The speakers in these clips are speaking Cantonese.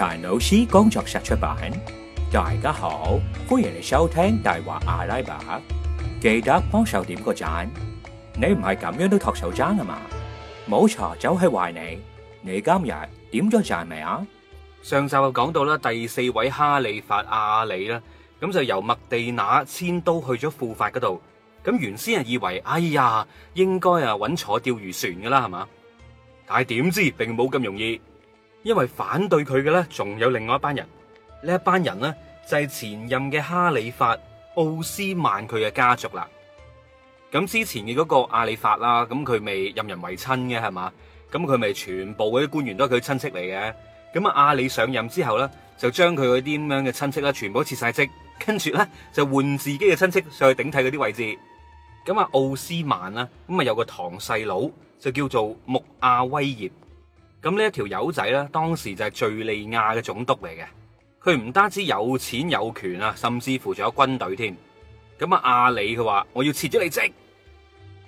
大老師工作室出版，大家好，歡迎嚟收聽《大話阿拉伯》。記得幫手點個讚，你唔係咁樣都托手踭啊嘛？冇錯，就係壞你。你今日點咗讚未啊？上集講到啦，第四位哈利法阿里啦，咁就由麥地那遷都去咗庫法嗰度。咁原先人以為，哎呀，應該啊穩坐釣魚船噶啦，係嘛？但係點知並冇咁容易。因為反對佢嘅咧，仲有另外一班人。呢一班人呢，就係前任嘅哈里法奧斯曼佢嘅家族啦。咁之前嘅嗰個阿里法啦，咁佢未任人為親嘅係嘛？咁佢咪全部嗰啲官員都係佢親戚嚟嘅？咁啊阿里上任之後咧，就將佢嗰啲咁樣嘅親戚啦，全部撤晒職，跟住咧就換自己嘅親戚上去頂替嗰啲位置。咁啊奧斯曼啦，咁啊有個堂細佬就叫做穆阿威葉。咁呢一條友仔咧，當時就係敘利亞嘅總督嚟嘅，佢唔單止有錢有權啊，甚至乎仲有軍隊添。咁啊阿里佢話，我要撤咗你職，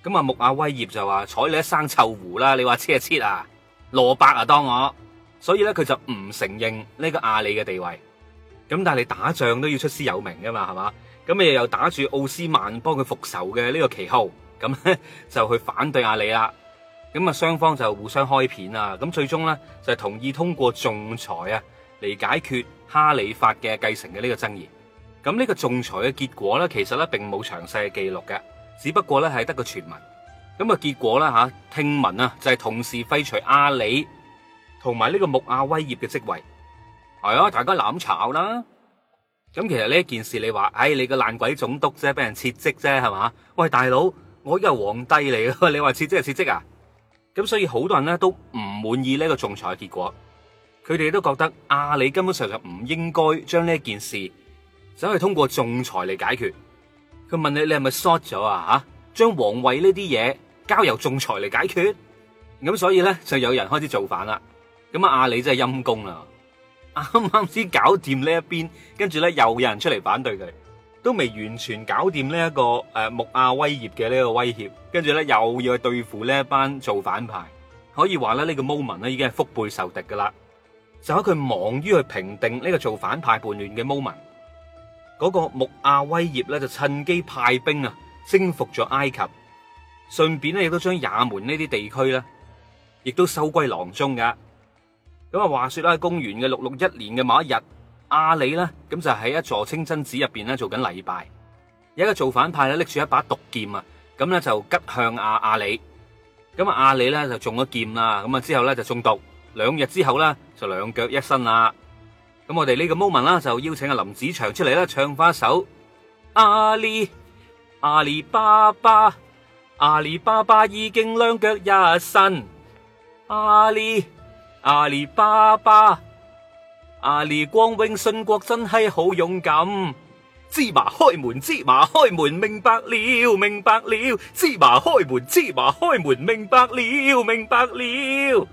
咁啊穆阿威葉就話睬你一生臭狐啦，你話切啊切啊，蘿蔔啊當我，所以咧佢就唔承認呢個阿里嘅地位。咁但係你打仗都要出師有名噶嘛，係嘛？咁你又有打住奧斯曼幫佢復仇嘅呢個旗號，咁 就去反對阿里啦。咁啊，雙方就互相開片啦。咁最終咧就係同意通過仲裁啊，嚟解決哈里法嘅繼承嘅呢個爭議。咁、這、呢個仲裁嘅結果咧，其實咧並冇詳細嘅記錄嘅，只不過咧係得個傳聞。咁啊，結果呢，嚇，聽聞啊就係同時廢除阿里同埋呢個穆亞威業嘅職位，係、哎、啊，大家攬炒啦。咁其實呢一件事你、哎，你話哎你個爛鬼總督啫，俾人撤職啫，係嘛？喂，大佬，我依家係皇帝嚟嘅，你話撤職係撤職啊？咁所以好多人咧都唔滿意呢個仲裁嘅結果，佢哋都覺得阿里根本上就唔應該將呢一件事走去通過仲裁嚟解決。佢問你，你係咪 short 咗啊？吓，將皇位呢啲嘢交由仲裁嚟解決。咁所以咧就有人開始造反啦。咁啊阿里真係陰功啦，啱啱先搞掂呢一邊，跟住咧又有人出嚟反對佢。都未完全搞掂呢一個誒穆亞威葉嘅呢個威脅，跟住咧又要去對付呢一班造反派，可以話咧呢個穆民咧已經係腹背受敵噶啦。就喺佢忙於去平定呢個造反派叛亂嘅穆文，嗰、那個穆亞威葉咧就趁機派兵啊，征服咗埃及，順便咧亦都將也門呢啲地區咧，亦都收歸囊中噶。咁啊，話說啦，喺公元嘅六六一年嘅某一日，阿里咧，咁就喺一座清真寺入邊咧做緊禮拜，有一個造反派咧拎住一把毒劍啊，咁咧就拮向阿阿里，咁阿阿里咧就中咗劍啦，咁啊之後咧就中毒，兩日之後咧就兩腳一伸啦，咁我哋呢個 moment 啦就邀請阿林子祥出嚟咧唱翻首阿里阿里巴巴，阿里巴巴已經兩腳一伸，阿里阿里巴巴。阿里光榮殉國真係好勇敢，芝麻開門，芝麻開門，明白了，明白了，芝麻開門，芝麻開門，明白了，明白了。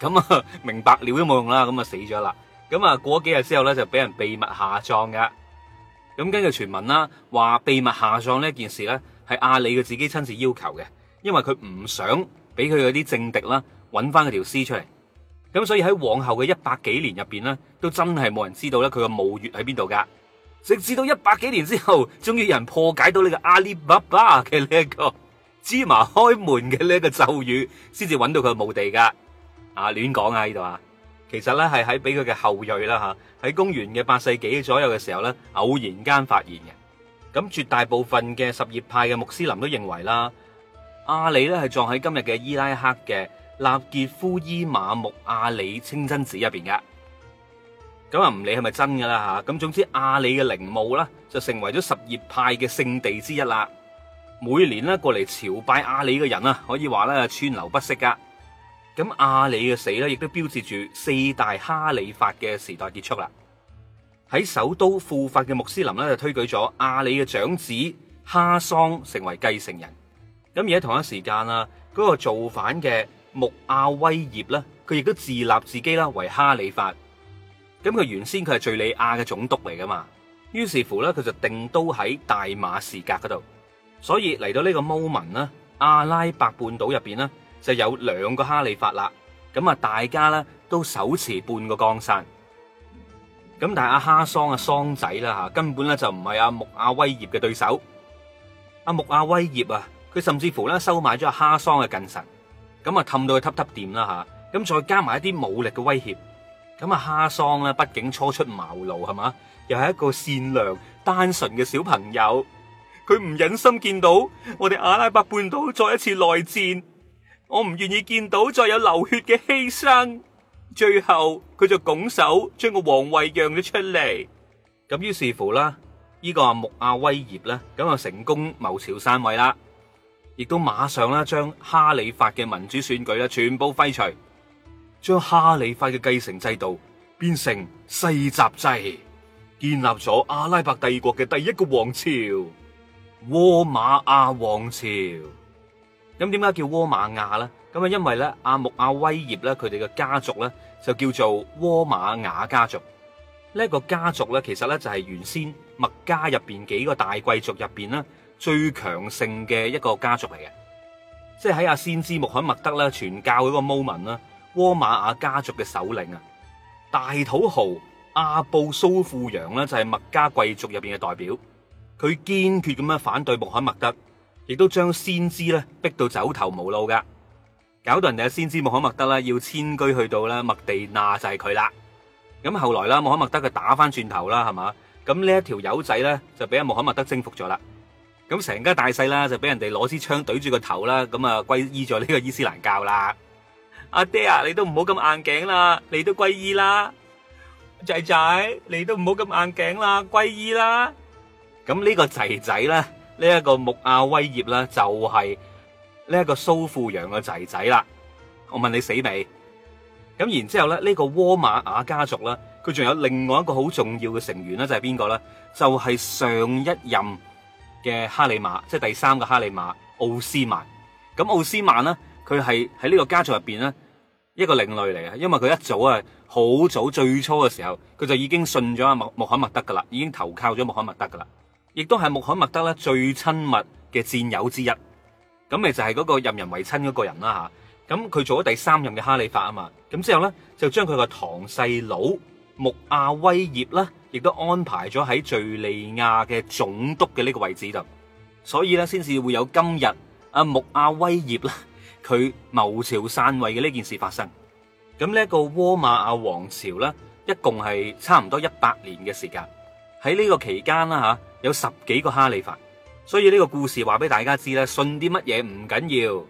咁啊，明白了都冇用啦，咁啊死咗啦。咁啊過咗幾日之後咧，就俾人秘密下葬㗎。咁根據傳聞啦，話秘密下葬呢件事咧，係阿里嘅自己親自要求嘅，因為佢唔想俾佢嗰啲政敵啦，搵翻佢條屍出嚟。咁所以喺往後嘅一百幾年入邊咧，都真係冇人知道咧佢嘅墓穴喺邊度噶，直至到一百幾年之後，終於有人破解到呢個阿里巴巴嘅呢一個芝麻開門嘅呢個咒語，先至搵到佢嘅墓地噶。啊，亂講啊呢度啊，其實咧係喺俾佢嘅後裔啦吓，喺公元嘅八世紀左右嘅時候咧，偶然間發現嘅。咁絕大部分嘅什葉派嘅穆斯林都認為啦，阿里咧係葬喺今日嘅伊拉克嘅。納傑夫伊馬木阿里清真寺入邊嘅。咁啊，唔理係咪真噶啦吓咁。總之阿里嘅陵墓啦，就成為咗十葉派嘅聖地之一啦。每年呢，過嚟朝拜阿里嘅人啊，可以話咧川流不息噶。咁阿里嘅死咧，亦都標誌住四大哈里法嘅時代結束啦。喺首都庫法嘅穆斯林咧，就推舉咗阿里嘅長子哈桑成為繼承人。咁而喺同一時間啦，嗰、嗰個造反嘅。穆阿威葉咧，佢亦都自立自己啦為哈里法。咁佢原先佢係敘利亞嘅總督嚟噶嘛，於是乎咧佢就定都喺大馬士革嗰度，所以嚟到呢個 moment 啦，阿拉伯半島入邊呢，就有兩個哈里法啦，咁啊大家咧都手持半個江山，咁但係阿哈桑啊桑仔啦吓，根本咧就唔係阿穆阿威葉嘅對手，阿穆阿威葉啊，佢甚至乎咧收買咗阿哈桑嘅近臣。咁啊，氹到佢嗒嗒掂啦吓，咁再加埋一啲武力嘅威脅，咁啊哈桑咧，畢竟初出茅廬係嘛，又係一個善良單純嘅小朋友，佢唔忍心見到我哋阿拉伯半島再一次內戰，我唔願意見到再有流血嘅犧牲，最後佢就拱手將個皇位讓咗出嚟，咁於是乎啦，呢個阿穆阿威葉咧，咁啊成功謀朝篡位啦。亦都馬上咧將哈里發嘅民主選舉咧全部廢除，將哈里發嘅繼承制度變成世襲制，建立咗阿拉伯帝國嘅第一個王朝——倭瑪亞王朝。咁點解叫倭瑪亞咧？咁啊，因為咧阿穆阿威葉咧，佢哋嘅家族咧就叫做倭瑪亞家族。呢、這個家族咧，其實咧就係原先麥加入邊幾個大貴族入邊啦。最強盛嘅一個家族嚟嘅，即係喺阿先知穆罕默德咧，傳教嗰個 moment 啦，倭瑪亞家族嘅首領啊，大土豪阿布蘇富揚呢，就係麥加貴族入邊嘅代表，佢堅決咁樣反對穆罕默德，亦都將先知咧逼到走投無路噶，搞到人哋阿先知穆罕默德咧要遷居去到咧麥地那就係佢啦，咁後來啦，穆罕默德佢打翻轉頭啦，係嘛，咁呢一條友仔咧就俾阿穆罕默德徵服咗啦。咁成家大細啦，就俾人哋攞支槍懟住個頭啦，咁啊歸依咗呢個伊斯蘭教啦。阿爹啊，你都唔好咁硬頸啦，你都歸依啦。仔仔，你都唔好咁硬頸啦，歸依啦。咁呢個仔仔咧，呢一個穆阿威葉咧，就係呢一個蘇富楊嘅仔仔啦。我問你死未？咁然之後咧，呢個倭瑪亞家族咧，佢仲有另外一個好重要嘅成員咧，就係邊個咧？就係上一任，嘅哈利馬，即係第三個哈利馬奧斯曼。咁奧斯曼咧，佢係喺呢個家族入邊咧一個另類，嚟嘅，因為佢一早啊，好早最初嘅時候，佢就已經信咗阿穆穆罕默德噶啦，已經投靠咗穆罕默德噶啦，亦都係穆罕默德咧最親密嘅戰友之一。咁咪就係嗰個任人唯親嗰個人啦吓。咁佢做咗第三任嘅哈里發啊嘛。咁之後咧就將佢個堂細佬。穆阿威葉啦，亦都安排咗喺敘利亞嘅總督嘅呢個位置度，所以咧，先至會有今日阿穆阿威葉啦，佢謀朝篡位嘅呢件事發生。咁呢一個倭馬亞王朝啦，一共係差唔多一百年嘅時間。喺呢個期間啦吓，有十幾個哈里發。所以呢個故事話俾大家知咧，信啲乜嘢唔緊要，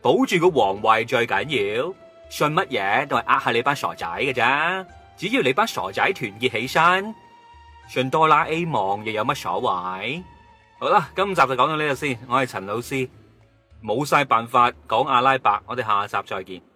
保住個皇位最緊要。信乜嘢都係呃下你班傻仔嘅咋。只要你班傻仔團結起身，信多啦 A 夢又有乜所謂？好啦，今集就講到呢度先，我係陳老師，冇晒辦法講阿拉伯，我哋下集再見。